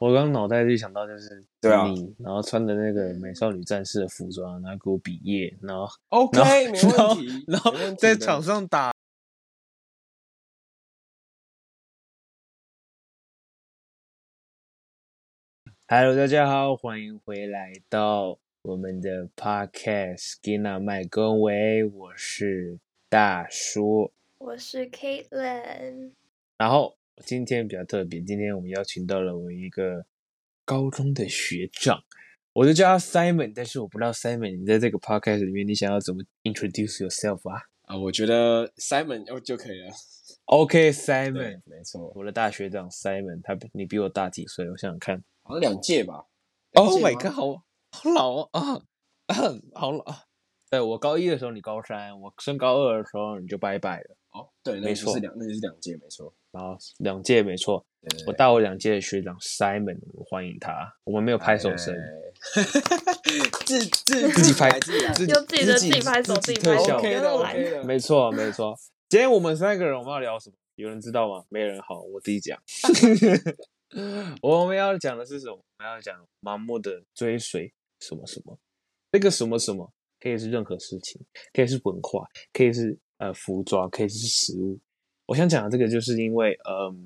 我剛腦袋就想到，就是你，對啊，然後穿的那個美少女戰士的服裝，然後給我比耶，然後 OK，沒問題，然後，然後，然後在場上打。Hello，大家好，歡迎回來到我們的 Podcast，給娜麥更維，我是大樹，我是 Kaitlyn，然後。今天比較特別，今天我們邀請到了我一個高中的學長，我就叫他 Simon，但是我不知道 Simon，你在這個 podcast 裡面，你想要怎麼 introduce yourself 啊？啊，我覺得 Simon 就、哦、就可以了。OK，Simon，對，沒錯，我的大學長 Simon，他比你比我大幾歲？我想想看，好像兩屆吧兩屆。Oh my god，好老啊， 好老，對，我高一的時候你高三，我升高二的時候你就拜拜了。哦，對，沒錯，那就是兩屆，沒錯。然後兩屆，沒錯。對對對，我大我兩屆的學長 Simon，我歡迎他對對對。我們沒有拍手聲 ，自自自己拍自己，自己自, 自,自己拍手自己拍，OK，來、okay okay。沒錯，沒錯。 今天我們三個人我們要聊什麼？有人知道嗎？沒人好，我自己講。 我們要講的是什麼？我們要講盲目的追隨什麼什麼？那、這個什麼什麼可以是任何事情，可以是文化，可以是。呃，服裝可以是食物。我想講的這個，就是因為，嗯、呃，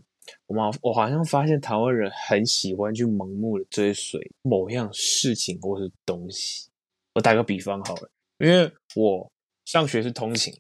我們我好像發現台灣人很喜歡去盲目的追隨某樣事情或是東西。我打個比方好了，因為我上學是通勤，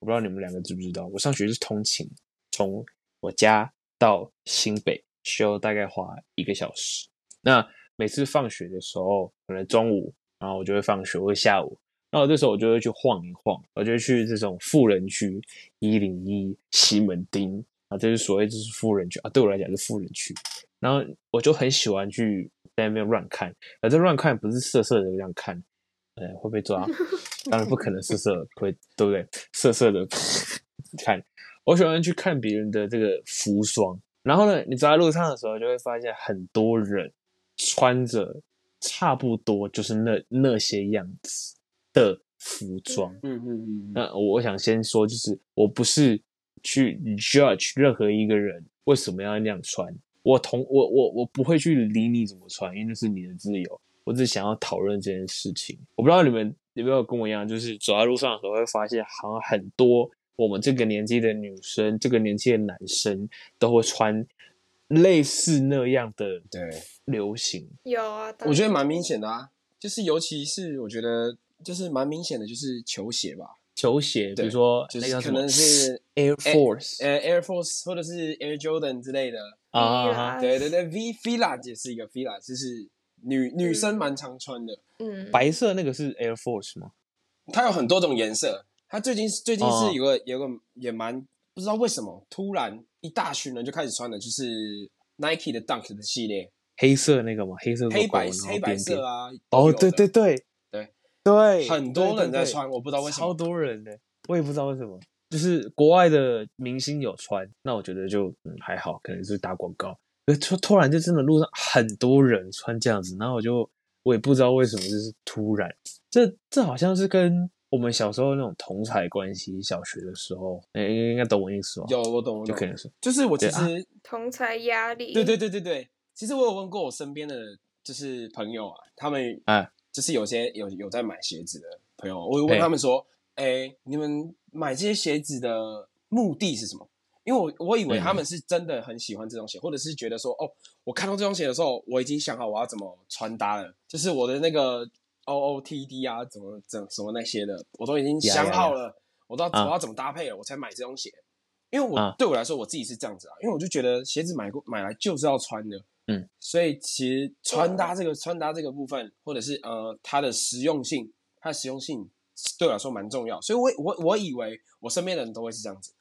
我不知道你們兩個知不知道，我上學是通勤，從我家到新北需要大概花一個小時。那每次放學的時候，可能中午，然後我就會放學我會下午。然後這時候我就會去晃一晃，我就會去這種富人區，一零一西門町啊，這是所謂就是富人區啊，對我來講是富人區。然後我就很喜歡去在外面亂看，而這亂看不是色色的這樣看，呃、哎，會被抓，當然不可能色色，會對不對？色色的看，我喜歡去看別人的這個服裝。然後呢，你走在路上的時候，就會發現很多人穿着差不多就是那那些樣子。的服裝，嗯嗯嗯，嗯，那我想先說，就是我不是去 judge 任何一個人為什麼要那樣穿，我同我我我不會去理你怎麼穿，因為那是你的自由。我只想要討論這件事情。我不知道你們有沒有跟我一樣，就是走在路上的時候會發現，好像很多我們這個年紀的女生，這個年紀的男生都會穿類似那樣的，對，流行對。有啊，我覺得蠻明顯的啊，就是尤其是我覺得。就是蠻明顯的，就是球鞋吧。球鞋，比如說，就是可能是、那個、Air Force，呃 Air、Air Force 或者是 Air Jordan 之類的。啊、嗯，對對對，V Fila 也是一個 Fila，就是女女生蠻常穿的。嗯，白色那個是 Air Force 嗎？它有很多種顏色。它最近最近是有個有個也蠻不知道為什麼突然一大群人就開始穿的，就是 Nike 的 Dunk 的系列。黑色那個嗎？黑色、黑白邊邊、黑白色啊？哦、oh，對對對。對，很多人在穿，對對對，我不知道為什麼超多人的。欸，我也不知道為什麼，就是國外的明星有穿，那我覺得就、嗯、還好，可能是打廣告。突突然就真的路上很多人穿這樣子，然後我就我也不知道為什麼，就是突然，這這好像是跟我們小時候那種同儕關係，小學的時候，誒、欸、應該懂我意思吧？有，我懂，我懂我，就可能是，就是我其實、啊、同儕壓力。對對對對對，其實我有問過我身邊的就是朋友啊，他們啊。就是有些有有在買鞋子的朋友，我問他們說：“哎、欸欸，你們買這些鞋子的目的是什麼？”因為我我以為他們是真的很喜歡這雙鞋，欸，或者是覺得說：“哦，我看到這雙鞋的時候，我已經想好我要怎麼穿搭了，就是我的那個 O O T D 啊，怎麼怎什麼那些的，我都已經想好了，呀呀呀我都我要怎麼搭配了，啊、我才買這雙鞋。因為我、啊、對我來說，我自己是這樣子啊，因為我就覺得鞋子買過買來就是要穿的。”嗯，所以其實穿搭這個、嗯、穿搭這個部分，或者是呃它的實用性，它的實用性對我來說蠻重要。所以我我我以為我身邊的人都會是這樣子，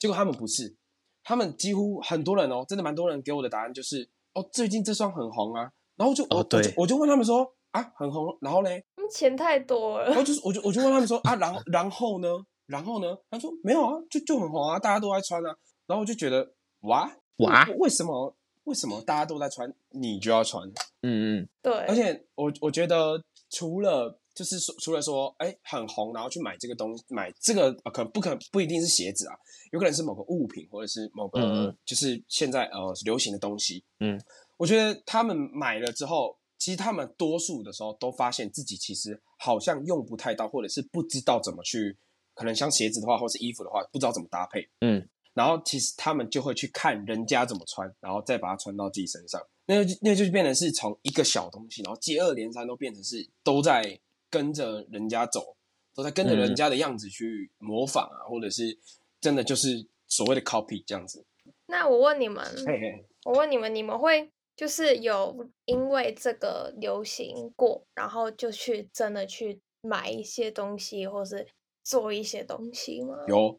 結果他們不是，他們幾乎很多人哦，真的蠻多人給我的答案就是哦，最近這雙很紅啊，然後就哦對我就，我就問他們說啊很紅，然後嘞，錢太多了。然後就我就我就問他們說啊，然後然後呢，然後呢，他說沒有啊，就就很紅啊，大家都愛穿啊。然後我就覺得哇哇，哇為什麼？為什麼大家都在穿，你就要穿？嗯嗯，對。而且我我覺得，除了就是說，除了說，哎、欸，很紅，然後去買這個東西，買這個、呃、可能不可能不一定是鞋子啊，有可能是某個物品，或者是某個、嗯、就是現在呃流行的東西。嗯，我覺得他們買了之後，其實他們多數的時候都發現自己其實好像用不太到，或者是不知道怎麼去，可能像鞋子的話，或者是衣服的話，不知道怎麼搭配。嗯。然後其實他們就會去看人家怎麼穿，然後再把它穿到自己身上。那就那就變成是從一個小東西，然後接二連三都變成是都在跟着人家走，都在跟着人家的樣子去模仿啊，嗯、或者是真的就是所謂的 copy 這樣子。那我問你們， 我問你們，你們會就是有因為這個流行過，然後就去真的去買一些東西，或是做一些東西嗎？有。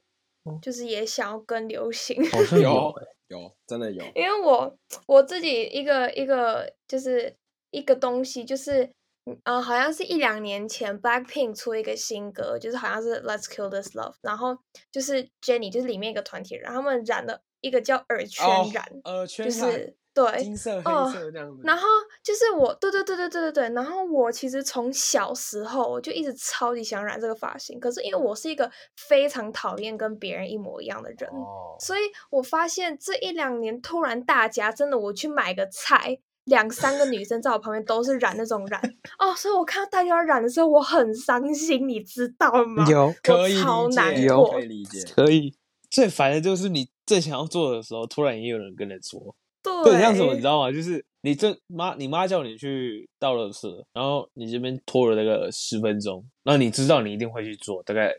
就是也想要跟流行、哦 有，有有真的有，因為我我自己一個一個就是一個東西，就是嗯、呃，好像是一兩年前，Blackpink 出一個新歌，就是好像是 Let's Kill This Love，然後就是 Jennie 就是裡面一個團體，然後他們染了一個叫耳圈染，耳、哦呃、圈染。就是對，金色、黑色這樣子、哦、然後就是我，對對對對對對對。然後我其實從小時候我就一直超級想染這個髮型，可是因為我是一個非常討厭跟別人一模一樣的人，哦、所以我發現這一兩年突然大家真的，我去買個菜，兩三個女生在我旁邊都是染那種染， 哦，所以我看到大家染的時候我很傷心，你知道嗎？有，有可以好難過有可以可以。最煩的就是你最想要做的時候，突然也有人跟着做。對，很像什麼，你知道嗎？就是你這媽，你媽叫你去倒垃圾，然後你這邊拖了那個十分鐘，然後你知道你一定會去做，大概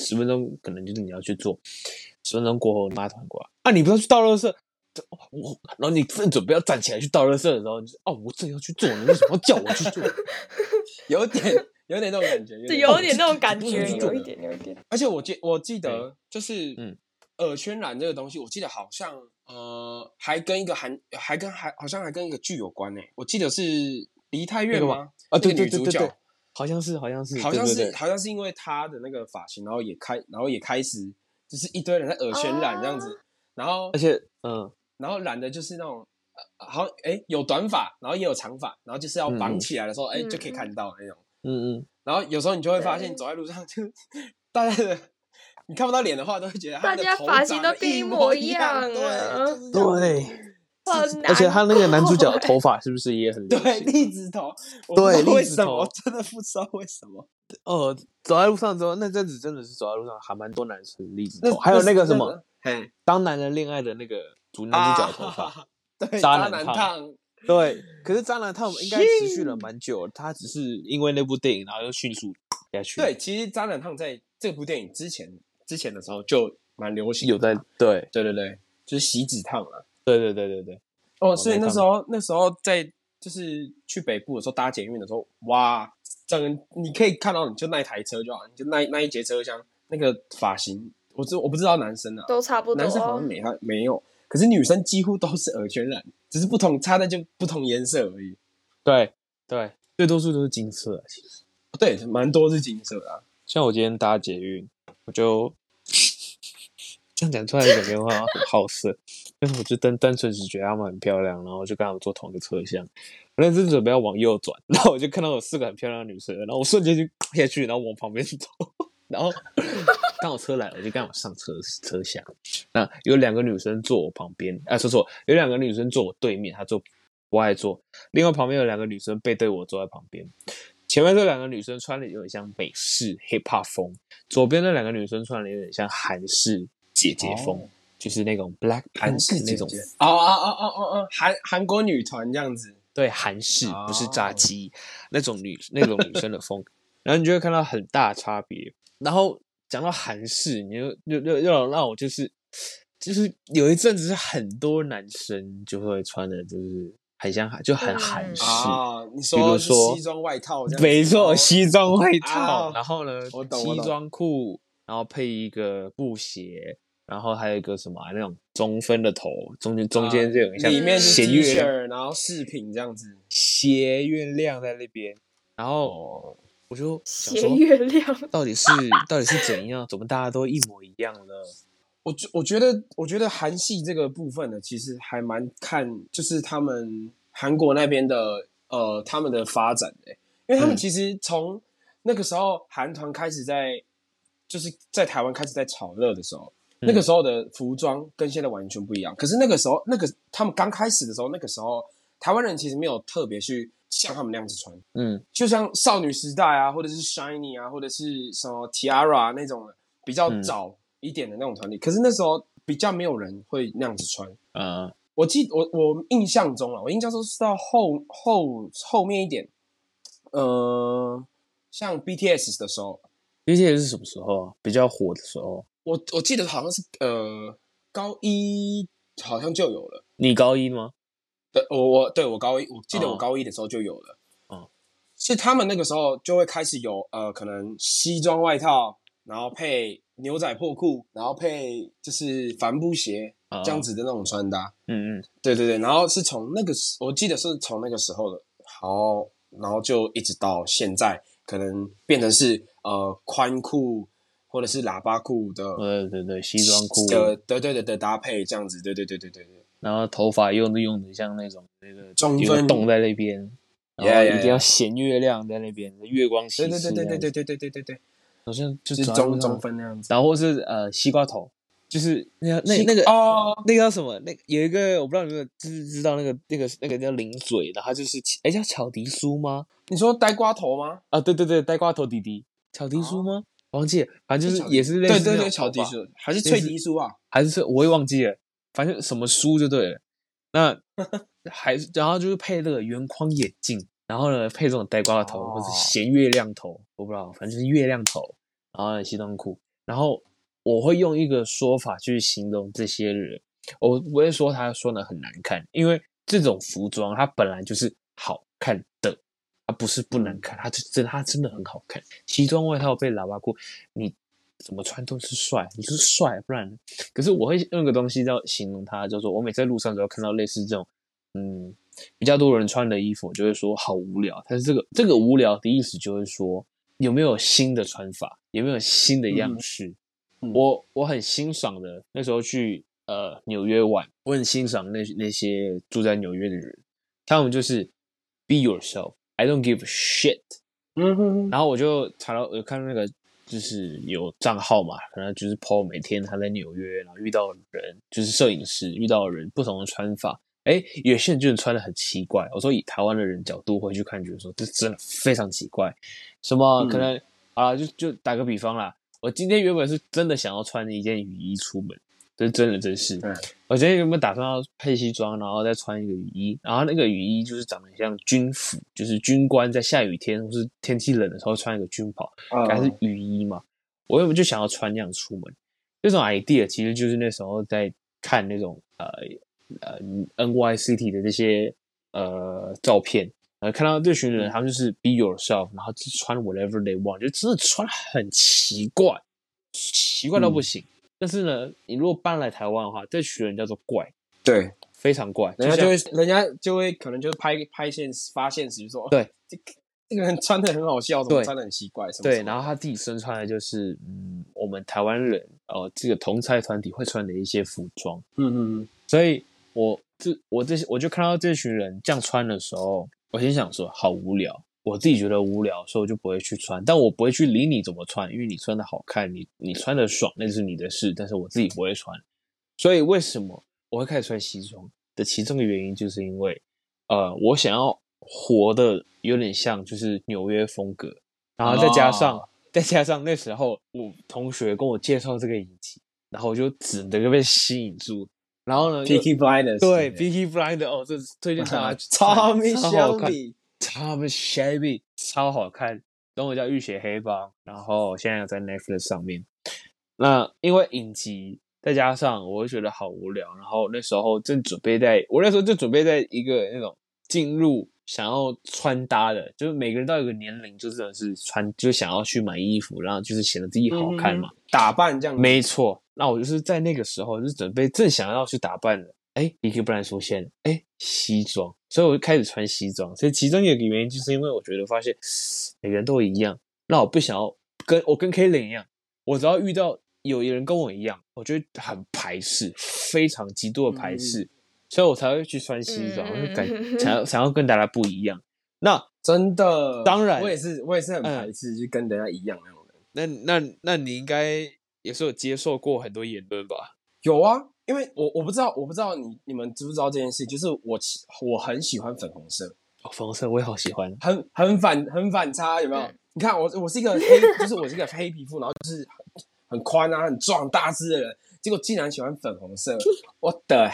十分鐘可能就是你要去做。十分鐘過後，你媽團過來，啊，你不要去倒垃圾，我、哦哦，然後你正準備要站起來去倒垃圾的時候，你就哦，我正要去做，你為什麼要叫我去做？ 有點，有點那種感覺，是有，有點那種感覺、哦有有，有一點，有一點。而且我記，我記得就是嗯。嗯耳圈染這個東西，我記得好像呃，還跟一個韓，還跟還好像還跟一個劇有關呢、欸。我記得是梨泰院嗎？啊，對對對對對，對，女主角，好像是，好像是，好像是，對對對對，好像是因為他的那個髮型，然後也開，然後也開始就是一堆人在耳圈染這樣子、啊。然後，而且，嗯，然後染的就是那種，好，哎，有短髮，然後也有長髮，然後就是要綁起來的時候，哎、嗯欸嗯，就可以看到那種。嗯嗯。然後有時候你就會發現，走在路上就 大家的。你看不到臉的話，都會覺得大家髮型都一模一樣。一樣對，對、嗯，而且他那個男主角的頭髮是不是也很對，栗子頭？對，為什麼我真的不知道為什麼？哦，走在路上之後，那陣子真的是走在路上還蠻多男生栗子頭，還有那個什麼，當男人戀愛的那個主男主角頭髮、啊，對，渣男燙。對，可是渣男燙應該持續了蠻久， 他只是因為那部電影，然後又迅速下去。對，其實渣男燙在這部電影之前。之前的時候就蠻流行的，啊，有在對對對對，就是錫紙燙了，對對對對對。哦，哦所以那時候那，那時候在就是去北部的時候搭捷運的時候，哇，整個你可以看到，你就那一台車就好，你就那那一節車廂那個髮型，我知我不知道男生啊都差不多，男生好像沒他沒有，可是女生幾乎都是耳圈染，只是不同差的就不同顏色而已。對對，最多數都是金色，其實對，蠻多是金色的啊。像我今天搭捷運，我就這樣講出來一整句話，很好，好色，因為我就單單純只覺得她們很漂亮，然後我就跟她坐同一個車廂。我那是準備要往右轉，然後我就看到有四個很漂亮的女生，然後我瞬間就下去，然後往旁邊走，然後剛好車來了，我就跟我上車車廂。那有兩個女生坐我旁邊，啊，說錯，有兩個女生坐我對面，她坐不愛坐，另外旁邊有兩個女生背對我坐在旁邊。前面這兩個女生穿的有點像美式 hiphop 風，左邊那兩個女生穿的有點像韓式姐姐風，oh. 就是那種 black、Pink、韓 s 那種哦哦哦哦哦哦，oh, oh, oh, oh, oh, oh. 韓韓國女團這樣子。對，韓式、oh. 不是扎雞，oh. 那種女那種女生的風， 然後你就會看到很大差別。然後講到韓式，你就又又又讓我就是就是有一陣子是很多男生就會穿的，就是。很像，就很韓式。比如、啊、說，說西裝外套，沒錯，西裝外套。啊、然後呢，我西裝褲，然後配一個布鞋，然後還有一個什麼，那種中分的頭，中間中間這種、啊、像鞋魚魚鞋。裡面是鞋，月然後飾品這樣子，斜月亮在那邊。然後我就想說，斜月亮到底是 到底是怎樣？怎麼大家都一模一樣的？我覺我覺得，我覺得韓系這個部分呢，其實還蠻看就是他們韓國那邊的呃，他們的發展、欸，因為他們其實從那個時候韓團開始在、嗯、就是在台灣開始在炒熱的時候、嗯，那個時候的服裝跟現在完全不一樣。可是那個時候，那個他們剛開始的時候，那個時候台灣人其實沒有特別去像他們那樣子穿，嗯，就像少女時代啊，或者是 Shiny 啊，或者是什麼 T-ara 那種比較早。嗯一點的那種團體，可是那時候比較沒有人會那樣子穿啊、uh,。我記我我印象中啊，我印象中印象是到後後後面一點，呃、uh,，像 BTS 的時候，BTS 是什麼時候啊？比較火的時候，我我記得好像是呃高一好像就有了。你高一嗎？對，我我對我高一，我記得我高一的時候就有了。嗯、uh, uh.，是他們那個時候就會開始有呃，可能西裝外套，然後配。牛仔破褲，然後配就是帆布鞋，哦，這樣子的那種穿搭。嗯嗯，對對對，然後是從那個時，我記得是從那個時候的，好，然後就一直到現在，可能變成是呃寬褲或者是喇叭褲的。呃對對，對西裝褲的，對對對的搭配這樣子，對對對對對對。然後頭髮用的用的像那種那個中分，凍在那邊，然後一定要顯月亮在那邊，yeah, yeah, yeah. 月光閃，對對對對對對對對對對。好像就，就是中中分那樣子，然後是呃西瓜頭，就是那是那那個哦那個叫什麼？那個、有一個我不知道你有知知道那個那個那個叫零嘴，然後它就是哎叫巧迪酥嗎？你說呆瓜頭嗎？哦、啊對對對呆瓜頭弟弟迪迪，巧迪酥嗎？哦、我忘記了，反正就是也是，是類似對類似對對巧迪酥，還是脆迪酥啊？還是脆我也忘記了，反正什麼酥就對了。那還是 然後就是配那個圓框眼鏡。然後呢，配這種呆瓜的頭，或者鹹月亮頭，oh. 我不知道，反正就是月亮頭。然後呢，西裝褲，然後我會用一個說法去形容這些人，我不會說他說的很難看，因為這種服裝它本來就是好看的，它不是不難看，它真它真的很好看。西裝外套配喇叭褲，你怎麼穿都是帥，你是帥，不然。可是我會用一個東西叫形容他，就是我每次在路上都要看到類似這種，嗯。比較多人穿的衣服，我就會說好無聊。但是這個這個無聊的意思，就是說有沒有新的穿法，有沒有新的樣式？嗯嗯、我我很欣賞的，那時候去呃紐約玩，我很欣賞那那些住在紐約的人，他們就是 be yourself，I don't give a shit。嗯哼哼。然後我就查到，我看那個就是有賬號嘛，可能就是 Paul 每天他在紐約，然後遇到的人，就是攝影師遇到的人不同的穿法。哎，有些人就是穿的很奇怪。我說以台灣的人角度回去看，覺得說這真的非常奇怪。什麼可能、嗯、啊？就就打個比方啦，我今天原本是真的想要穿一件雨衣出門，這真的真是、嗯。我今天原本打算要配西裝，然後再穿一個雨衣，然後那個雨衣就是長得像軍服，就是軍官在下雨天或是天氣冷的時候穿一個軍袍，還是雨衣嘛、嗯？我原本就想要穿那樣出門，這種 idea 其實就是那時候在看那種呃。呃，NYC 的這些呃、uh, 照片，呃，看到這群人，他們就是 Be Yourself，、嗯、然後就穿 Whatever They Want，就真的穿很奇怪，奇怪到不行、嗯。但是呢，你如果搬來台灣的話，這群人叫做怪，對，嗯、非常怪。人家就會，人家就會可能就是拍拍現實發現實說，對， 這個人穿的很好笑，什麼穿的很奇怪，什麼對。然後他自己身穿的，就是、嗯、我們台灣人呃，這個同財團體會穿的一些服裝，嗯,嗯嗯，所以。我，我這我這些我就看到這群人這樣穿的時候，我心想說好無聊，我自己覺得無聊，所以我就不會去穿。但我不會去理你怎麼穿，因為你穿的好看，你你穿的爽，那是你的事。但是我自己不會穿。所以為什麼我會開始穿西裝的其中的原因，就是因為呃，我想要活得有點像就是紐約風格，然後再加上、哦、再加上那時候我同學跟我介紹這個影集，然後我就只能被吸引住。然後呢，對，對，Peaky Blinders 哦，這是推薦看啊，超美，超好看，Tommy Shelby 超好看，然後叫《浴血黑幫》，然後現在有在 Netflix 上面。那因為影集，再加上我會覺得好無聊，然後那時候正準備在，我那時候就準備在一個那種進入想要穿搭的，就是每個人都有一個年齡，就是是穿，就想要去買衣服，然後就是顯得自己好看嘛，嗯、打扮這樣，沒錯。那我就是在那個時候，就是準備正想要去打扮的，哎，一個不然出現了，哎，西裝，所以我就開始穿西裝。所以其中有一個原因就是因為我覺得發現，每個人都一樣，那我不想要跟我跟 Kaitlyn 一樣，我只要遇到有一個人跟我一樣，我覺得很排斥，非常極度的排斥，嗯、所以我才會去穿西裝，我就感想要想要跟大家不一樣。那真的，當然，我也是我也是很排斥，嗯，就跟人家一樣那種人。嗯、那那那你應該。也是有接受過很多言論吧？有啊，因為我我不知道，我不知道你你們知不知道這件事，就是我我很喜歡粉紅色。哦、粉紅色我也好喜歡，很很反很反差，有沒有？你看我我是一個黑，就是我是一個黑皮膚，然後就是很寬啊，很壯大只的人，結果竟然喜歡粉紅色， 我的，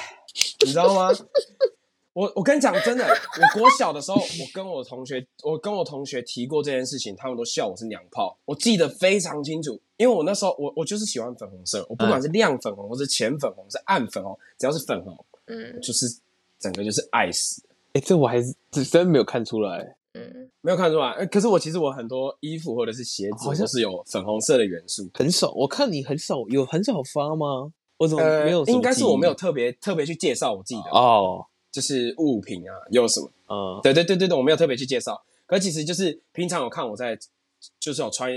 你知道嗎？ 我我跟你講真的，我國小的時候，我跟我同學，我跟我同學提過這件事情，他們都笑我是娘炮，我記得非常清楚。因為我那時候我，我我就是喜歡粉紅色，我不管是亮粉紅，嗯、或是淺粉紅，是暗粉紅，只要是粉紅，嗯，就是整個就是愛死。哎、欸，這我還是這真沒有看出來，嗯，沒有看出來。哎、欸，可是我其實我很多衣服或者是鞋子，都是有粉紅色的元素的。哦、很少，我看你很少有很少發嗎？我怎麼沒有、呃？應該是我沒有特別特別去介紹我自己的哦，就是物品啊，有什麼？嗯、哦，對對對對，我沒有特別去介紹。可是其實就是平常我看我在。就是有穿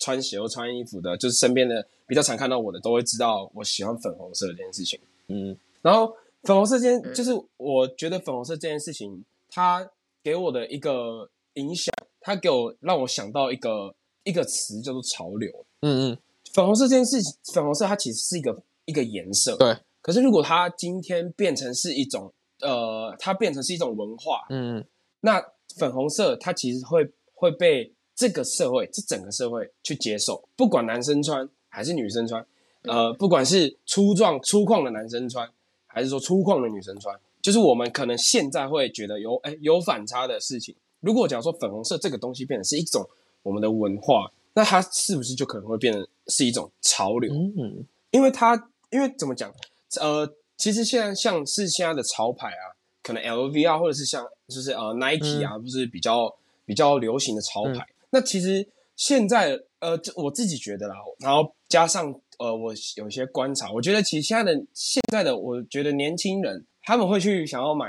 穿鞋或穿衣服的，就是身邊的比較常看到我的，都會知道我喜歡粉紅色的這件事情。嗯，然後粉紅色這件，就是我覺得粉紅色這件事情，它給我的一個影響，它給我讓我想到一個一個詞叫做潮流。嗯嗯，粉紅色這件事情，粉紅色它其實是一個一個顏色。對，可是如果它今天變成是一種呃，它變成是一種文化。嗯，那粉紅色它其實會會被。這個社會，這整個社會去接受，不管男生穿還是女生穿，呃，不管是粗壯粗獷的男生穿，還是說粗獷的女生穿，就是我們可能現在會覺得有哎有反差的事情。如果講說粉紅色這個東西變成是一種我們的文化，那它是不是就可能會變成是一種潮流？嗯，嗯，因為它因為怎麼講，呃，其實現在像是現在的潮牌啊，可能 LV 啊，或者是像就是呃 Nike 啊、嗯，不是比較比較流行的潮牌。嗯那其實現在，呃，我自己覺得啦，然後加上呃，我有一些觀察，我覺得其實現在的現在的，我覺得年輕人他們會去想要買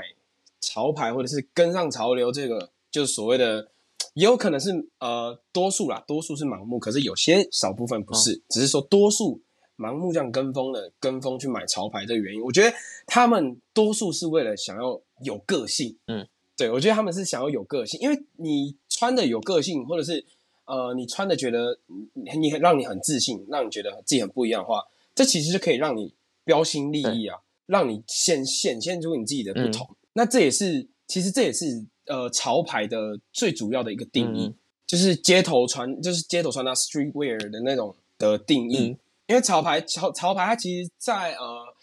潮牌或者是跟上潮流，這個就是所謂的，也有可能是呃，多數啦，多數是盲目，可是有些少部分不是。哦，只是說多數盲目這樣跟風的、跟風去買潮牌的原因，我覺得他們多數是為了想要有個性，嗯。對，我覺得他們是想要有個性，因為你穿的有個性，或者是呃，你穿的覺得很你很讓你很自信，讓你覺得自己很不一樣的話，這其實是可以讓你標新立異啊，讓你顯顯現，現出你自己的不同。嗯、那這也是其實這也是呃潮牌的最主要的一個定義，嗯、就是街頭穿，就是街頭穿搭 street wear 的那種的定義。嗯、因為潮牌潮潮牌，它其實在，在呃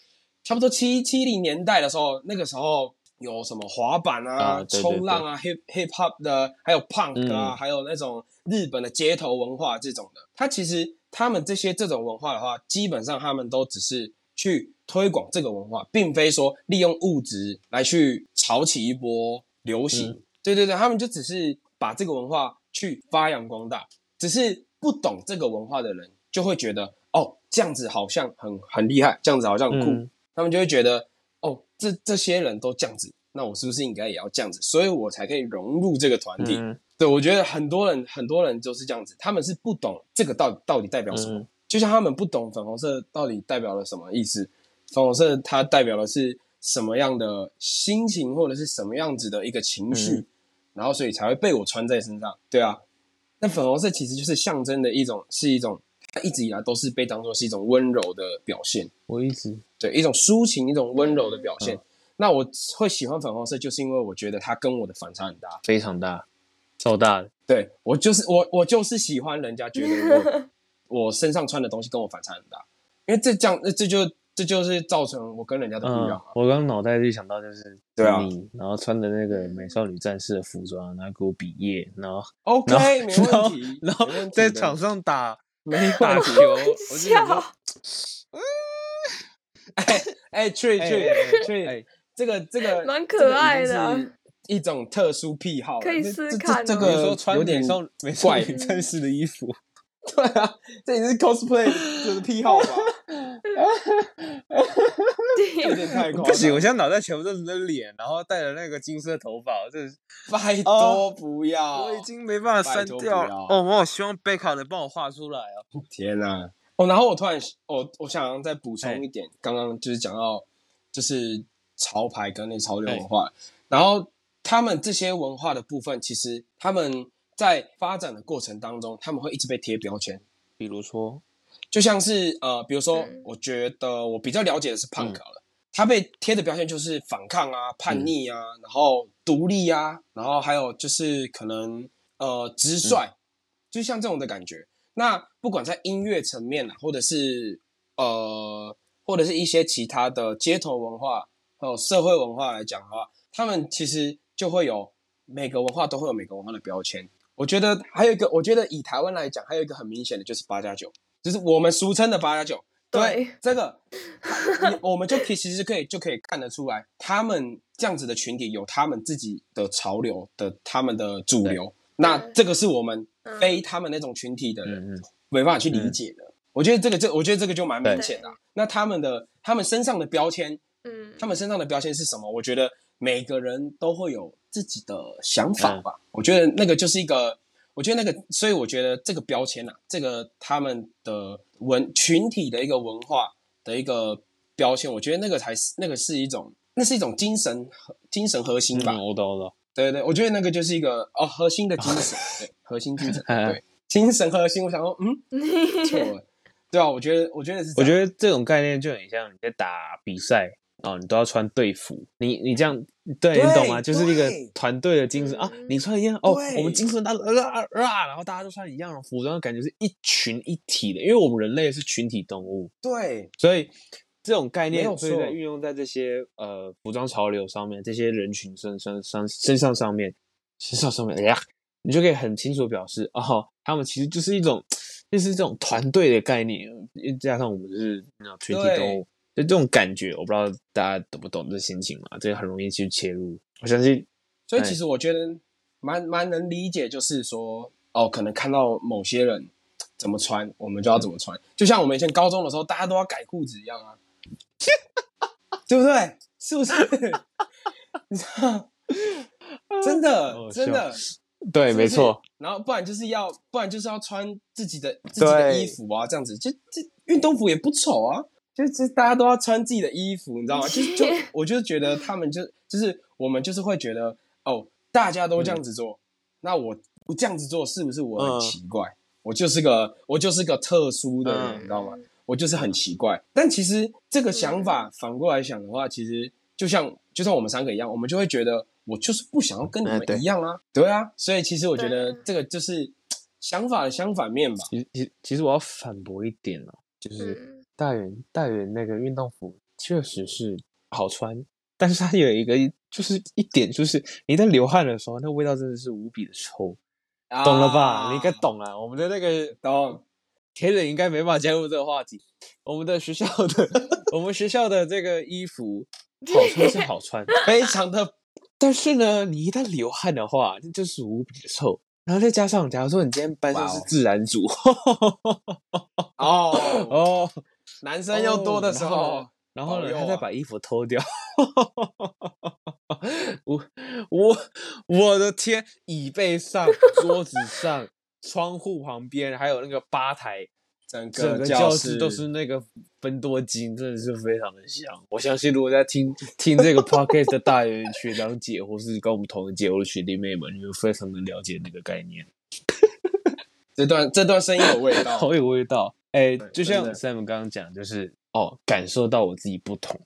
差不多七七零年代的時候，那個時候。有什麼滑板啊，啊對對對、衝浪啊、hip hip hop 的，還有 punk 啊、嗯，還有那種日本的街頭文化這種的。他其實他們這些這種文化的話，基本上他們都只是去推廣這個文化，並非說利用物質來去炒起一波流行、嗯。對對對，他們就只是把這個文化去發揚光大，只是不懂這個文化的人就會覺得哦，這樣子好像很很厲害，這樣子好像很酷，嗯、他們就會覺得。這這些人都這樣子，那我是不是應該也要這樣子？所以我才可以融入這個團體。嗯、對，我覺得很多人很多人就是這樣子，他們是不懂這個到底到底代表什麼，嗯，就像他們不懂粉紅色到底代表了什麼意思。粉紅色它代表的是什麼樣的心情或者是什麼樣子的一個情緒，嗯、然後所以才會被我穿在身上。對啊，那粉紅色其實就是象徵的一種，是一種。他一直以來都是被當做是一種溫柔的表現。我一直，對，一種抒情，一種溫柔的表現。嗯，那我會喜歡粉紅色，就是因為我覺得它跟我的反差很大，非常大，超大的。對，我就是，我，我就是喜歡人家覺得我 我身上穿的東西跟我反差很大，因為這這樣，那這就這就是造成我跟人家不一樣。我剛，剛腦袋裡想到就是你，對啊，然後穿的那個美少女戰士的服裝，然後給我比耶，然後 OK 然後沒問題，然後，然後，然後在場上打。沒掛球笑我就，嗯，哎 哎、欸，翠翠翠，這個這個蠻可愛的，啊，這個、一種特殊癖好，可以試試看，喔這這。這個說穿有點像怪異真實的衣服。對啊，這也是 cosplay 就是癖好吧？有點太誇張。不行，我現在腦袋全部都是你的臉，然後帶着那個金色頭髮，真是。拜托不要、哦！我已經沒辦法刪掉。哦，我好希望貝卡能幫我畫出來哦。天啊！哦，然後我突然，我我想再補充一點，欸、剛剛就是講到，就是潮牌跟那潮流文化、欸，然後他們這些文化的部分，其實他們。在發展的過程當中，他們會一直被貼標籤，比如說，就像是呃，比如說、欸，我覺得我比較了解的是 Punk 了、嗯、他被貼的標籤就是反抗啊、叛逆啊、嗯、然後獨立啊，然後還有就是可能呃直率、嗯，就像這種的感覺。那不管在音樂層面呢、啊，或者是呃，或者是一些其他的街頭文化還有社會文化來講的話，他們其實就會有每個文化都會有每個文化的標籤。我覺得還有一個，我覺得以台灣來講，還有一個很明顯的就是八加九，就是我們俗稱的八加九。對，這個 你，我們就其實可以就可以看得出來，他們這樣子的群體有他們自己的潮流的他們的主流。那這個是我們非他們那種群體的人，嗯、沒辦法去理解的。嗯嗯，我覺得這個這，我覺得這個就蠻明顯的、啊。那他們的他們身上的標籤，他們身上的標籤、嗯、是什麼？我覺得每個人都會有。自己的想法吧，嗯，我覺得那個就是一個，我覺得那個，所以我覺得這個標籤啊，這個他們的文群體的一個文化的一個標籤，我覺得那個才是那個是一種，那是一種精神精神核心吧。懂、嗯、了，對，對對，我覺得那個就是一個哦，核心的精神，對，核心精神，對， 對，精神核心。我想說，嗯，錯了，對啊，我覺得，我覺得是，我覺得這種概念就很像你在打比賽。哦，你都要穿隊服，你你這樣，對，對，你懂嗎？就是一個團隊的精神啊，你穿一樣哦，我們精神大啊啊、啊、啊，然後大家都穿一樣的服裝，感覺是一群一體的，因為我們人類是群體動物，對，所以這種概念就是，所以運用在這些呃服裝潮流上面，這些人群身身身身上上面身上上面，哎呀，你就可以很清楚表示哦，他們其實就是一種，就是這種團隊的概念，加上我們、就是群體動物。就這種感覺，我不知道大家懂不懂這心情嘛？這個很容易去切入，我相信。所以其實我覺得蠻蠻能理解，就是說，哦，可能看到某些人怎麼穿，我們就要怎麼穿，就像我們以前高中的時候，大家都要改褲子一樣啊， 對不對？是不是？ 你知道， 真的真的，對，是不是？沒錯。然後不然就是要不然就是要穿自己的自己的衣服啊，這樣子，就這運動服也不醜啊。就就是、大家都要穿自己的衣服，你知道嗎？ 就就我就覺得他們就就是我們就是會覺得哦，大家都這樣子做，嗯、那我不這樣子做是不是我很奇怪？嗯、我就是個我就是個特殊的人、嗯，你知道嗎？我就是很奇怪。嗯、但其實這個想法反過來想的話，其實就像就像我們三個一樣，我們就會覺得我就是不想要跟你們一樣啊、嗯嗯對，對啊。所以其實我覺得這個就是想法的相反面吧。其其其實我要反駁一點了，就是。嗯大人大人那個運動服確實是好穿，但是它有一個就是一點就是，你在流汗的時候，那味道真的是無比的臭，啊、懂了吧？你應該懂了，啊。我們的那個懂、Kaitlyn、嗯、應該沒辦法加入這個話題。我們的學校的 我們學校的這個衣服 好穿是好穿，非常的， 但是呢，你一旦流汗的話，那就是無比的臭。然後再加上，假如說你今天班上是自然組，哦哦。男生又多的時候，oh, 然後，然後呢、oh, 他在把衣服脫掉，啊、 我我我的天，椅背上、桌子上、 窗戶旁邊，還有那個吧台，整個教室都是那個芬多精，真的是非常的香。 我相信，如果在聽聽這個 podcast 的大一學長姐，或是跟我們同一屆的學弟妹們，你們非常的了解那個概念。 這段這段聲音有味道， 好有味道。哎、欸，就像我們 Sam 剛剛講，就是哦，感受到我自己不同。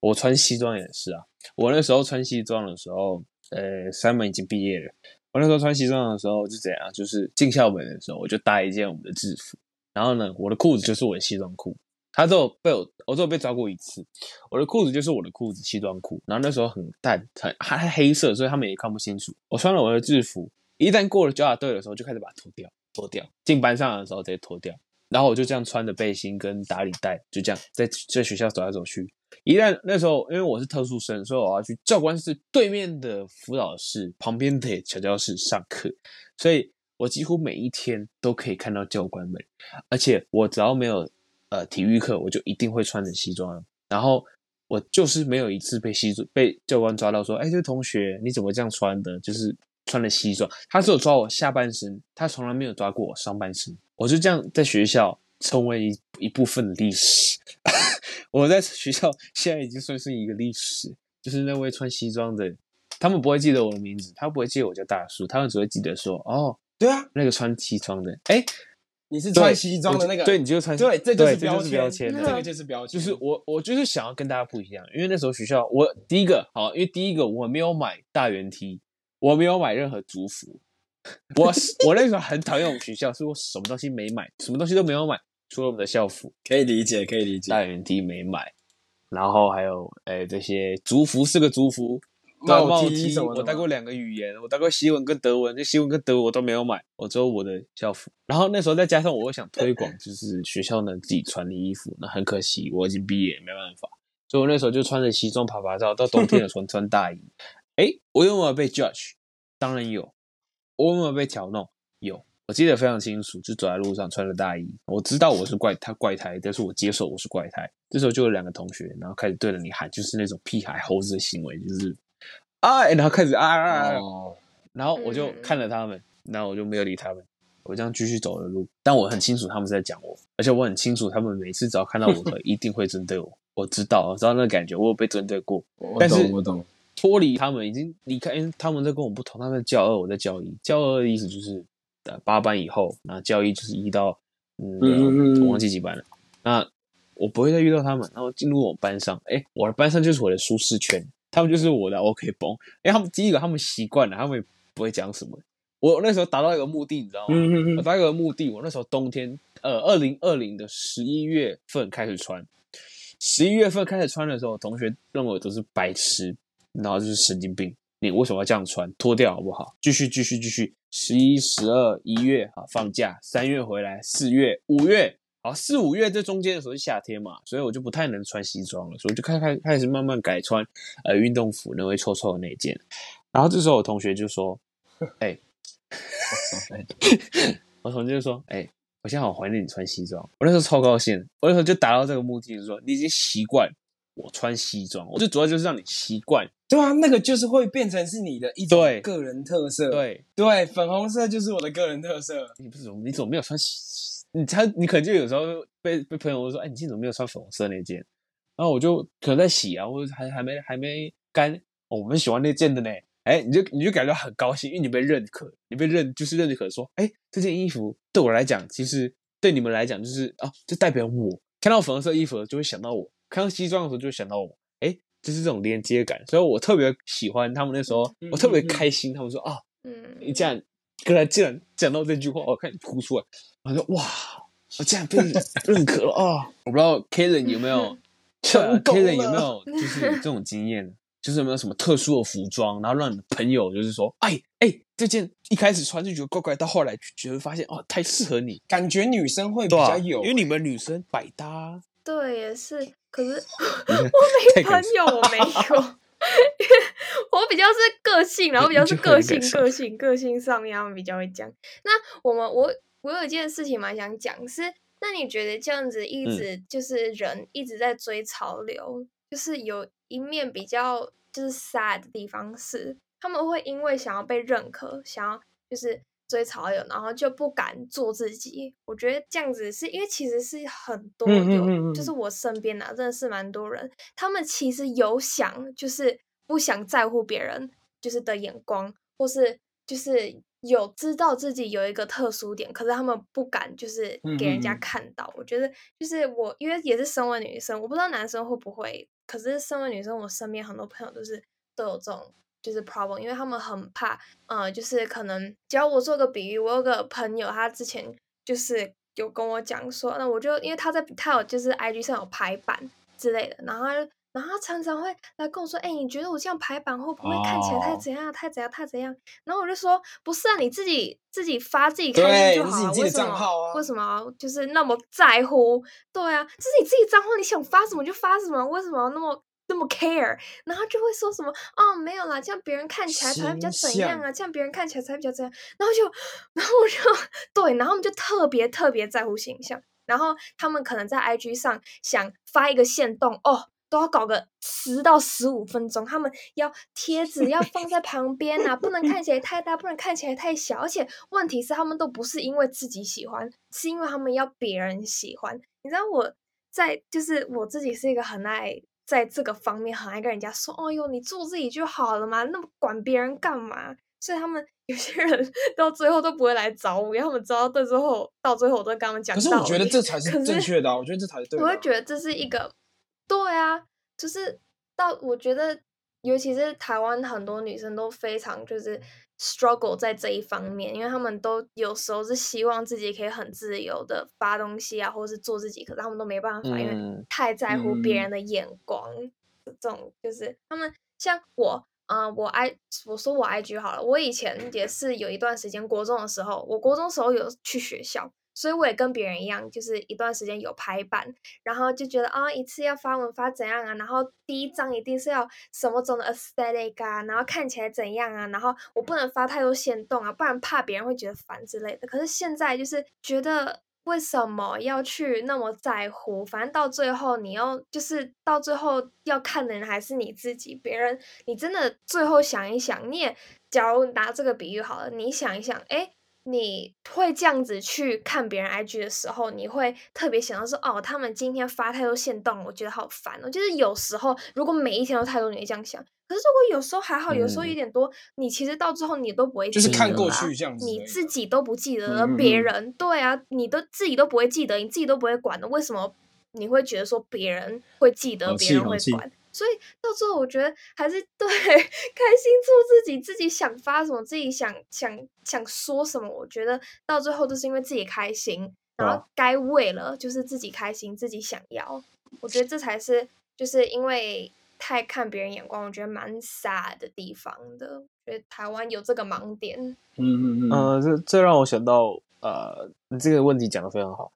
我穿西裝也是啊。我那時候穿西裝的時候，呃，Simon 已經畢業了。我那時候穿西裝的時候是怎樣、啊？就是進校門的時候，我就搭一件我們的制服。然後呢，我的褲子就是我的西裝褲。他都有被我，我都有被抓過一次。我的褲子就是我的褲子，西裝褲。然後那時候很淡，很還黑色，所以他們也看不清楚。我穿了我的制服，一旦過了糾察隊的時候，就開始把它脫掉，脫掉。進班上的時候直接脫掉。然後我就這樣穿着背心跟打領帶，就這樣在在學校走來走去。一旦那時候，因為我是特殊生，所以我要去教官室對面的輔導室旁邊的小教室上課，所以我幾乎每一天都可以看到教官們。而且我只要沒有呃體育課，我就一定會穿着西裝。然後我就是沒有一次被西裝被教官抓到說：“哎，這位同學你怎麼這樣穿的？就是穿了西裝。”他只有抓我下半身，他從來沒有抓過我上半身。我就這樣在學校成為一一部分的歷史。 我在學校現在已經算是一個歷史，就是那位穿西裝的，他們不會記得我的名字，他不會記得我叫大樹，他們只會記得說：“哦，對啊，那個穿西裝的。”哎，你是穿西裝的那個？對，就對，你就穿西裝，對，這就是標籤，這個就是標籤、那個。就是我，我就是想要跟大家不一樣，因為那時候學校，我第一個好，因為第一個我沒有買大圓 T，我沒有買任何族服。 我我那時候很討厭我們學校，是我什麼東西沒買，什麼東西都沒有買，除了我們的校服，可以理解，可以理解。大圓梯沒買，然後還有哎、欸、這些族服是個族服，帽帽梯我帶過兩個語言，我帶過西文跟德文，這西文跟德文我都沒有買，我只有我的校服。然後那時候再加上我又想推廣，就是學校能 自己穿的衣服，那很可惜，我已經畢業，沒辦法，所以我那時候就穿着西裝拍拍照，到冬天的時候穿大衣。哎、 欸，我有沒有被 judge？當然有。我有沒有被挑弄？有，我記得非常清楚，就走在路上，穿着大衣。我知道我是怪他怪胎，但是我接受我是怪胎。這時候就有兩個同學，然後開始對着你喊，就是那種屁孩猴子的行為，就是哎、啊欸，然後開始啊啊啊，啊，然後我就看着他們，然後我就沒有理他們，我這樣繼續走的路。但我很清楚他們在講我，而且我很清楚他們每次只要看到我， 一定會針對我。我知道，我知道，我知道那個感覺，我有被針對過。我懂，我懂。我懂脫離他們已經離開，他們在跟我不同。他們在教二，我在教一。教二的意思就是，呃，八班以後，那教一就是一到嗯，我忘記幾班了。嗯、那我不會再遇到他們，然後進入我班上。哎、欸，我的班上就是我的舒適圈，他們就是我的 OK 繃。哎、欸，他們第一個，他們習慣了，他們不會講什麼。我那時候達到一個目的，你知道嗎？達、嗯、到、嗯嗯、一個目的，我那時候冬天，呃，二零二零的十一月份開始穿。十一月份開始穿的時候，同學認為我都是白痴。然後就是神經病，你為什麼要這樣穿？脫掉好不好？繼續繼續繼續，十一、十二、一月啊，放假，三月回來，四月、五月，好，四五月這中間的時候是夏天嘛，所以我就不太能穿西裝了，所以我就開開開始慢慢改穿呃運動服，那會臭臭的那件。然後這時候我同學就說：“哎、欸， 我同學就說：哎、欸，我現在好懷念你穿西裝。我那時候超高興，我那時候就達到這個目的就是說，就說你已經習慣了。”我穿西裝，我最主要就是讓你習慣，對啊，那個就是會變成是你的一種個人特色，對對，對，粉紅色就是我的個人特色。你、欸、不是怎麼，你怎麼沒有穿西？你穿，你可能就有時候被被朋友說，哎、欸，你今天怎麼沒有穿粉紅色那件？然後我就可能在洗啊，或者還還沒還沒乾、喔。我們喜歡那件的呢，哎、欸，你就你就感覺很高興，因為你被認可，你被認就是認可說，哎、欸，這件衣服對我來講，其實對你們來講就是啊、喔，就代表我看到粉紅色衣服就會想到我。看到西裝的時候就想到我，哎、欸，就是這種連接感，所以我特別喜歡他們那時候，我特別開心。他們說、嗯嗯嗯、啊，你這樣，剛才竟然講到這句話，我看你哭出來，我說哇，我竟然被認可了 啊！ 我不知道 Kaitlyn 有沒有、啊、 ，Kaitlyn 有沒有就是有這種經驗，就是有沒有什麼特殊的服裝， 然後讓你的朋友就是說，哎哎，這件一開始穿就覺得怪怪，到後來就覺得發現哦，太適合你。感覺女生會比較有，啊、因為你們女生百搭。對，也是。可是我沒朋友， 我沒有，因 為 我比較是個性，然後比較是個性，個性，個性上面他們比較會講。那我們，我我有一件事情蠻想講，是那你覺得這樣子一直就是人一直在追潮流、嗯，就是有一面比較就是 sad 的地方是，他們會因為想要被認可，想要就是。追潮流，然後就不敢做自己。我覺得這樣子是因為，其實是很多有、嗯嗯，就是我身邊啊，真的是蠻多人，他們其實有想，就是不想在乎別人，就是的眼光，或是就是有知道自己有一個特殊點，可是他們不敢，就是給人家看到。嗯嗯，我覺得，就是我，因為也是身為女生，我不知道男生會不會，可是身為女生，我身邊很多朋友都是都有這種。就是 problem，因為他們很怕，呃，就是可能，假如我做個比喻，我有個朋友，他之前就是有跟我講說，那我就因為他在他有就是 IG 上有排版之類的，然後然後他常常會來跟我說，哎、欸，你覺得我這樣排版會不會看起來太怎樣、oh. 太怎樣太怎樣？然後我就說，不是啊，你自己自己發自己看就好了、啊啊，為什麼為什麼就是那麼在乎？對啊，這是你自己賬號，你想發什麼就發什麼，為什麼那麼？那麼 care，然後就會說什麼哦，沒有啦，這樣別人看起來才比較怎樣啊？這樣別人看起來才比較怎樣？然後就，然後我就，對，然後就特別特別在乎形象。然後他們可能在 IG 上想發一個限動哦，都要搞個十到十五分鐘。他們要貼紙要放在旁邊啊， 不能看起來太大，不能看起來太小。而且問題是，他們都不是因為自己喜歡，是因為他們要別人喜歡。你知道我在，就是我自己是一個很愛。在這個方面，很愛跟人家說：“哦呦，你做自己就好了嘛，那麼管別人幹嘛？”所以他們有些人到最後都不會來找我，他們知道到最後，到最後我都跟他們講。可是我覺得這才是正確的啊，我覺得這才是對的啊。我會覺得這是一個，對啊，就是到我覺得，尤其是台灣很多女生都非常就是，struggle 在這一方面，因為他們都有時候是希望自己可以很自由的發東西啊，或者是做自己，可是他們都沒辦法，因為太在乎別人的眼光。嗯、這種就是他們像我嗯、呃，我愛我說我 IG 好了，我以前也是有一段時間國中的時候，我國中時候有去學校。所以我也跟別人一樣，就是一段時間有排版，然後就覺得啊、哦，一次要發文發怎樣啊，然後第一張一定是要什麼種的 aesthetic 啊，然後看起來怎樣啊，然後我不能發太多限動啊，不然怕別人會覺得煩之類的。可是現在就是覺得，為什麼要去那麼在乎？反正到最後，你要就是到最後要看的人還是你自己，別人你真的最後想一想，你也假如拿這個比喻好了，你想一想，哎。你會這樣子去看別人 IG 的時候，你會特別想到說，哦，他們今天發太多限動，我覺得好煩哦、喔。就是有時候，如果每一天都太多，你會這樣想。可是如果有時候還好，有時候有點多，嗯、你其實到最後你都不會記得、啊就是、看過去這樣子。你自己都不記得別、嗯、人對啊，你都自己都不會記得，你自己都不會管的，為什麼你會覺得說別人會記得，別人會管？所以到最後，我覺得還是對開心做自己，自己想發什麼，自己想想想說什麼。我覺得到最後都是因為自己開心，然後該為了、啊、就是自己開心，自己想要。我覺得這才是就是因為太看別人眼光，我覺得蠻傻的地方的。覺得台灣有這個盲點。嗯嗯嗯。嗯呃、這這讓我想到，呃，你這個問題講的非常好。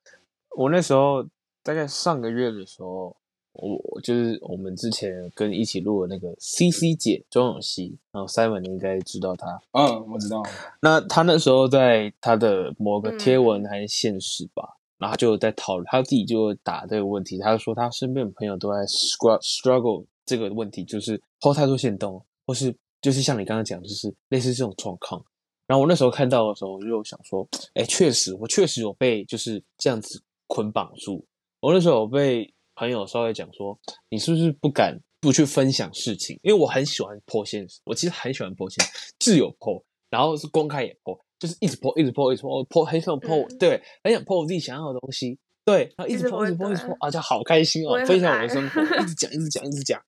我那時候大概上個月的時候。我就是我們之前跟一起錄的那個 C C 姐鍾永熙，然後 Simon 應該知道他。嗯、uh,，我知道。 那他那時候在他的某個貼文還是現實吧，嗯、然後就在討論他自己就打這個問題，他就說他身邊朋友都在 struggle struggle 這個問題，就是拋太多限動，或是就是像你剛剛講，就是類似這種狀況。然後我那時候看到的時候，我就想說，哎、欸，確實我確實有被就是這樣子捆綁住。我那時候有被。朋友稍微講說，你是不是不敢不去分享事情？因為我很喜歡 po 限時，我其實很喜歡 po 限時，自由 po，然後是公開也 po，就是一直 po，一直 po，一直 po，po 很想 po，對，很想 po 我自己想要的東西，對，然後一直 po，一直 po，一直 po，而且，啊、好開心哦，分享我的生活一，一直講，一直講，一直講。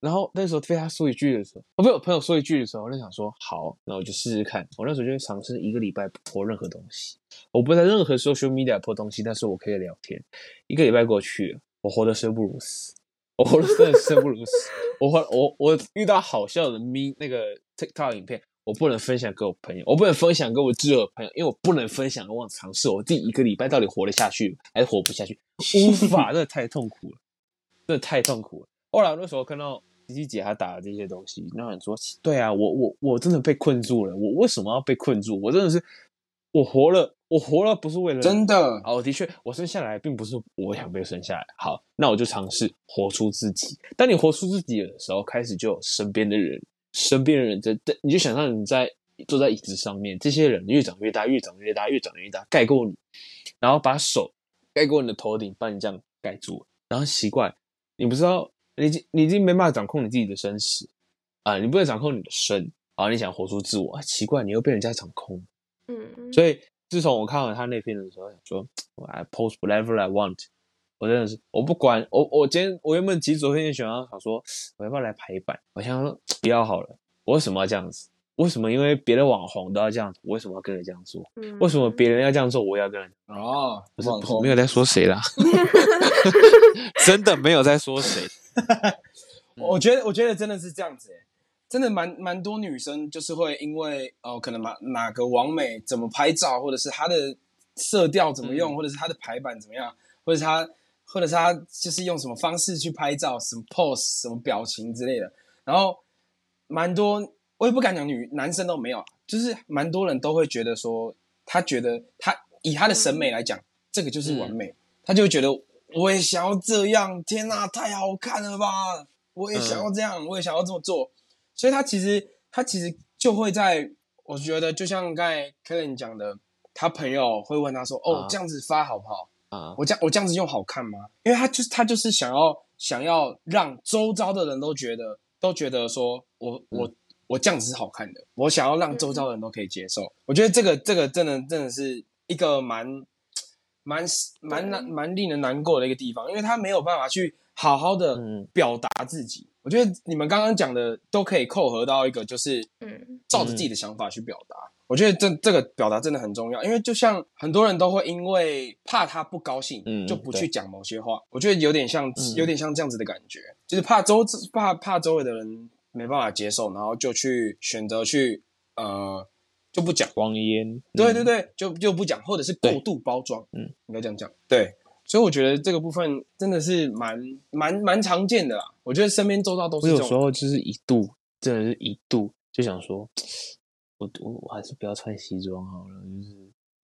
然後那時候被他說一句的時候，我被我朋友說一句的時候，我就想說好，那我就試試看。我那時候就嘗試一個禮拜不 po 任何東西，我不在任何 social media po 東西，但是我可以聊天。一個禮拜過去了。我活得生不如死，我活得真的生不如死。 我活，我我遇到好笑的咪那個 TikTok 影片，我不能分享給我朋友，我不能分享給我摯友的朋友，因為我不能分享，我嘗試我第一個禮拜到底活得下去還是活不下去，無法，真的太痛苦了，真的太痛苦了。 後來那時候看到琪琪姐她打的這些東西，那很說，對啊，我我我真的被困住了，我為什麼要被困住？我真的是我活了。我活了不是為了真的好，oh, 的確，我生下來並不是我想被生下來。好，那我就嘗試活出自己。當你活出自己的時候，開始就有身邊的人，身邊的人在，在，你就想象你在坐在椅子上面，這些人越長越大，越長越大，越長越大，蓋過你，然後把手蓋過你的頭頂，把你這樣蓋住。然後奇怪，你不知道，你已經你已經沒辦法掌控你自己的生死啊！你不能掌控你的身啊！你想活出自我，奇怪，你又被人家掌控。嗯嗯，所以。自從我看了他那篇的時候，我想說 I post whatever I want，我真的是，我不管，我我今天，我原本其實昨天就想要想說我要不要來排版，我想說不要好了。我為什麼要這樣子？為什麼因為別的網紅都要這樣子，我為什麼要跟着這樣做？嗯、為什麼別人要這樣做，我要跟人？哦，我是網紅不是，沒有在說誰啦， 真的沒有在說誰、 嗯。我覺得，我覺得真的是這樣子，欸。真的蠻蠻多女生，就是會因為哦、呃，可能哪哪個網美怎麼拍照，或者是她的色調怎麼用，嗯、或者是她的排版怎麼樣，或者是她，或者是她就是用什麼方式去拍照，什麼 pose，什麼表情之類的。然後蠻多，我也不敢講女男生都沒有，就是蠻多人都會覺得說，他覺得他以他的審美來講、嗯，這個就是完美，他就會覺得我也想要這樣，天哪、啊，太好看了吧，我也想要這樣，嗯、我也想要這麼做。所以，他其實，他其實就會在，我覺得，就像剛才 Kaitlyn 講的，他朋友會問他說：“哦，這樣子發好不好啊？我這樣我這樣子用好看嗎？”因為他就是他就是想要想要讓周遭的人都覺得都覺得說我、嗯、我我這樣子是好看的，我想要讓周遭的人都可以接受。嗯、我覺得這個這個真的真的是一個蠻蠻蠻，蠻難蠻令人難過的一個地方，因為他沒有辦法去好好的表達自己。嗯。我覺得你們剛剛講的都可以扣合到一個，就是嗯，照着自己的想法去表達。嗯、我覺得這這個表達真的很重要，因為就像很多人都會因為怕他不高興，嗯，就不去講某些話、嗯。我覺得有點像，有點像這樣子的感覺，嗯、就是怕周怕怕周圍的人沒辦法接受，然後就去選擇去呃就不講。光煙，嗯、對對對，就就不講，或者是過度包裝，嗯，應該這樣講，對。所以我覺得這個部分真的是蠻蠻蠻，蠻常見的啦。我覺得身邊周遭都是這種。我有時候就是一度，真的是一度就想說，我我我還是不要穿西裝好了。就是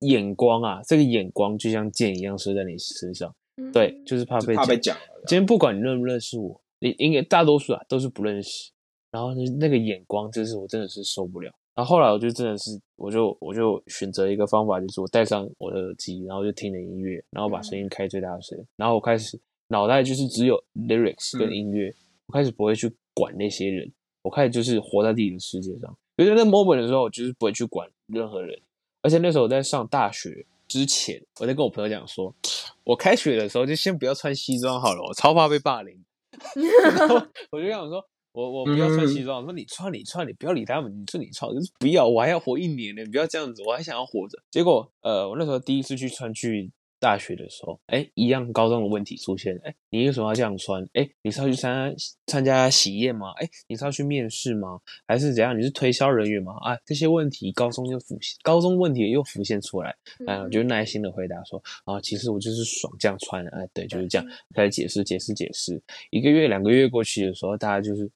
眼光啊，這個眼光就像箭一樣射在你身上。嗯，對，就是怕被怕被講。今天不管你認不認識我，你應該大多數啊都是不認識。然後那個眼光，就是我真的是受不了。然後後來我就真的是，我就我就選擇一個方法，就是我戴上我的耳機，然後就聽着音樂，然後把聲音開最大聲，然後我開始腦袋就是只有 lyrics 跟音樂，我開始不會去管那些人，我開始就是活在自己的世界上，就在那 moment 的時候，我就是不會去管任何人。而且那時候我在上大學之前，我在跟我朋友講說，我開學的時候就先不要穿西裝好了，我超怕被霸凌。 然後我就這樣說。我我不要穿西裝，我說你穿你穿你，不要理他們，你穿你穿。就是不要，我還要活一年呢，你不要這樣子，我還想要活着。結果呃，我那時候第一次去穿去大學的時候，哎、欸，一樣高中的問題出現，哎、欸，你為什麼要這樣穿？哎、欸，你是要去參加參加喜宴嗎？哎、欸，你是要去面試嗎？還是怎樣？你是推銷人員嗎？啊，這些問題高中又浮現，高中問題又浮現出來，啊，我就耐心的回答說啊，其實我就是爽這樣穿，啊，對，就是這樣，開始解釋解釋解釋。一個月兩個月過去的時候，大家就是。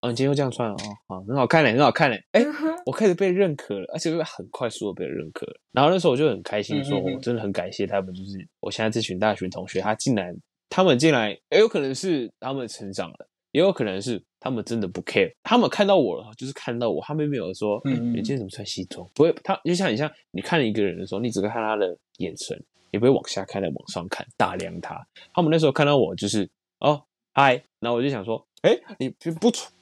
嗯、哦，你今天又這樣穿了哦，好很好看嘞，很好看嘞，欸，哎、欸欸，我開始被認可了，而且又很快速的被認可了。然後那時候我就很開心，說，我真的很感謝他們，就是我現在這群大學同學，他進來，他們進來，也、欸、有可能是他們成長了，也有可能是他們真的不 care，他們看到我了，就是看到我，他們沒有說，嗯，你今天怎麼穿西裝？不會，他就像你像你看了一個人的時候，你只會看他的眼神，也不會往下看，來往上看，打量他。他們那時候看到我，就是哦。嗨，然後我就想說，哎、欸，你不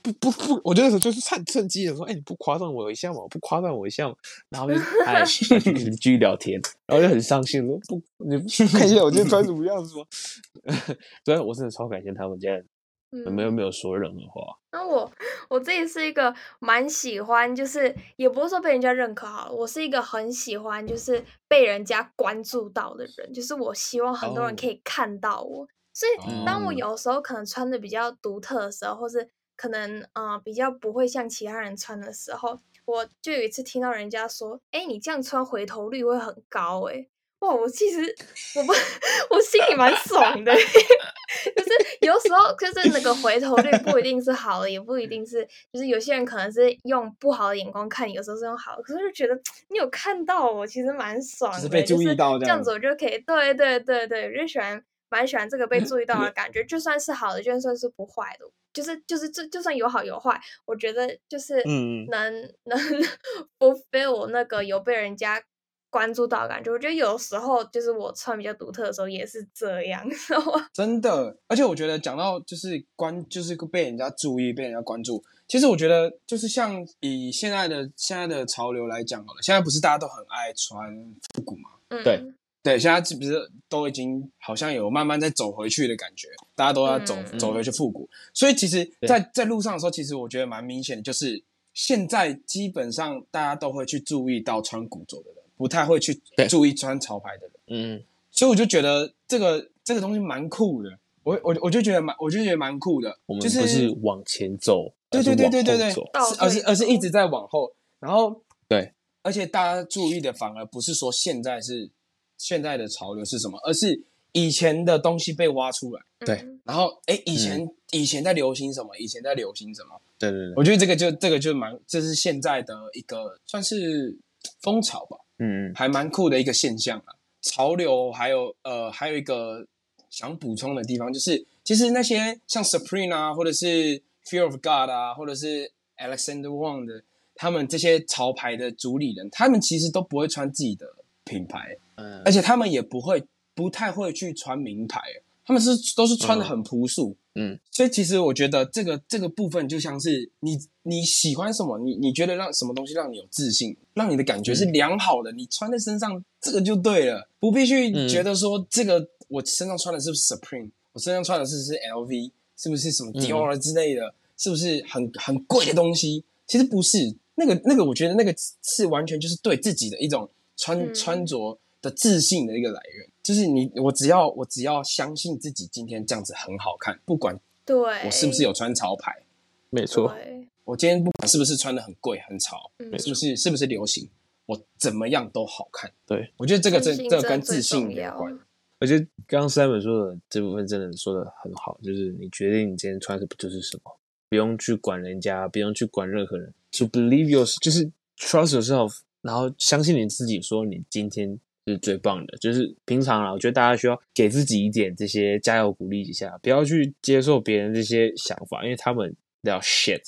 不不不，我覺得是就是趁趁機的說，哎、欸，你不誇讚我一下嘛？不誇讚我一下嘛？然後就，繼 續聊天，然後就很傷心，說不，你不看一下我今天穿什麼樣子嗎？ 對，我真的超感謝他們家，樣、嗯，沒有沒有說任何話。那我我自己是一個蠻喜歡，就是也不是說被人家認可好了，我是一個很喜歡就是被人家關注到的人，就是我希望很多人可以看到我。Oh. 所以，當我有時候可能穿的比較獨特的時候，oh. 或是可能呃比較不會像其他人穿的時候，我就有一次聽到人家說：“哎、欸，你這樣穿回頭率會很高。”誒。哇！我其實我不，我心裡蠻爽的。 就是有時候，就是那個回頭率不一定是好的， 也不一定是，就是有些人可能是用不好的眼光看你，有時候是用好的，可是就覺得你有看到我，其實蠻爽的。就是被注意到這樣。就是、這樣子我就可以。對對對對，對，我就喜歡。蠻喜歡這個被注意到的感覺， 就算是好的，就算是不壞的，就是就是這就，就算有好有壞，我覺得就是能、嗯、能 不被我那個有被人家關注到的感覺，我覺得有時候就是我穿比較獨特的時候也是這樣，知 道嗎？真的，而且我覺得講到就是關就是被人家注意被人家關注，其實我覺得就是像以現在的現在的潮流來講好了，現在不是大家都很愛穿復古嗎？嗯，對。對，現在是不是都已經好像有慢慢在走回去的感覺？大家都要走、嗯、走回去復古、嗯。所以其實在，在在路上的時候，其實我覺得蠻明顯的，就是現在基本上大家都會去注意到穿古着的人，不太會去注意穿潮牌的人。嗯，所以我就覺得這個這個東西蠻酷的。我我我就覺得蠻我就覺得蠻酷的。就是、我們不是往前走，而是往後走，對對對對對對，而是而是一直在往後。然後對，而且大家注意的反而不是說現在是。現在的潮流是什麼？而是以前的東西被挖出來，對。然後，哎，以前、嗯、以前在流行什麼？以前在流行什麼？對對對。我覺得這個就這個就蠻，這是現在的一個算是風潮吧。嗯嗯。還蠻酷的一個現象啊。潮流還有呃還有一個想補充的地方就是，其實那些像 Supreme 啊，或者是 Fear of God 啊，或者是 Alexander Wang 的，他們這些潮牌的主理人，他們其實都不會穿自己的品牌。而且他們也不會，不太會去穿名牌，他們是都是穿得很樸素嗯，嗯，所以其實我覺得這個這個部分就像是你你喜歡什麼，你你覺得讓什麼東西讓你有自信，讓你的感覺是良好的，嗯、你穿在身上這個就對了，不必去覺得說這個、嗯、我身上穿的是不是 Supreme，我身上穿的是是 LV，是不是什麼 Dior 之類的，嗯、是不是很很貴的東西？其實不是，那個那個，我覺得那個是完全就是對自己的一種穿穿着。嗯自信的一個來源就是你，我只要我只要相信自己，今天這樣子很好看，不管我是不是有穿潮牌，沒錯，我今天不管是不是穿的很貴很潮，嗯，是不是、嗯、是不是流行，我怎麼樣都好看。對我覺得這個這這個跟自信有關。我覺得剛剛 Simon 說的這部分真的說的很好，就是你決定你今天穿什麼就是什麼，不用去管人家，不用去管任何人。To believe your, 就是 trust yourself，然後相信你自己，說你今天。是最棒的，就是平常啊，我覺得大家需要給自己一點這些加油鼓勵一下，不要去接受別人這些想法，因為他們都要 shit，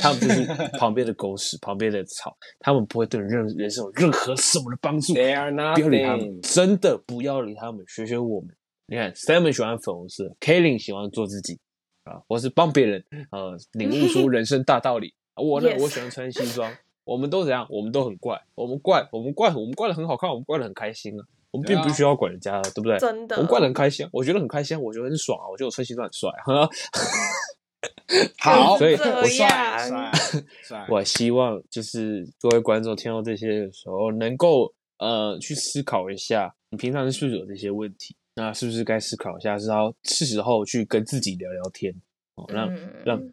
他們就是旁邊的狗屎、 旁邊的草，他們不會對你人 人生有任何什麼的幫助，不要理他們，真的不要理他們，學學我們，你看，Simon 喜歡粉紅色 ，Kaitlyn 喜歡做自己啊，我是幫別人呃領悟出人生大道理， 我呢、yes. 我喜歡穿西裝。我們都怎樣？我們都很怪，我們怪，我們怪我們怪的很好看，我們怪的很開心啊！我們並不需要管人家的，啊，對不對？真的，我們怪的很開心，啊，我覺得很開心，啊，我覺得很爽，啊，我覺得我穿西裝很帥，啊。 好，就是，所以我，我帥，帥帥 我希望就是各位觀眾聽到這些的時候能夠，能夠呃去思考一下，你平常是不是有這些問題？那是不是該思考一下，是時候是時候去跟自己聊聊天？哦，讓讓。嗯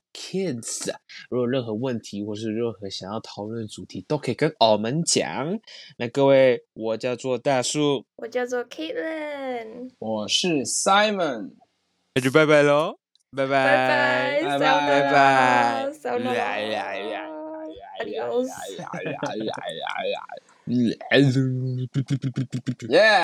Kids，如果有任何問題或是任何想要討論的主題，都可以跟我們講。那各位，我叫做大樹，我叫做 Kaitlyn，我是 Simon，那就拜拜嘍，拜拜拜拜拜拜拜拜。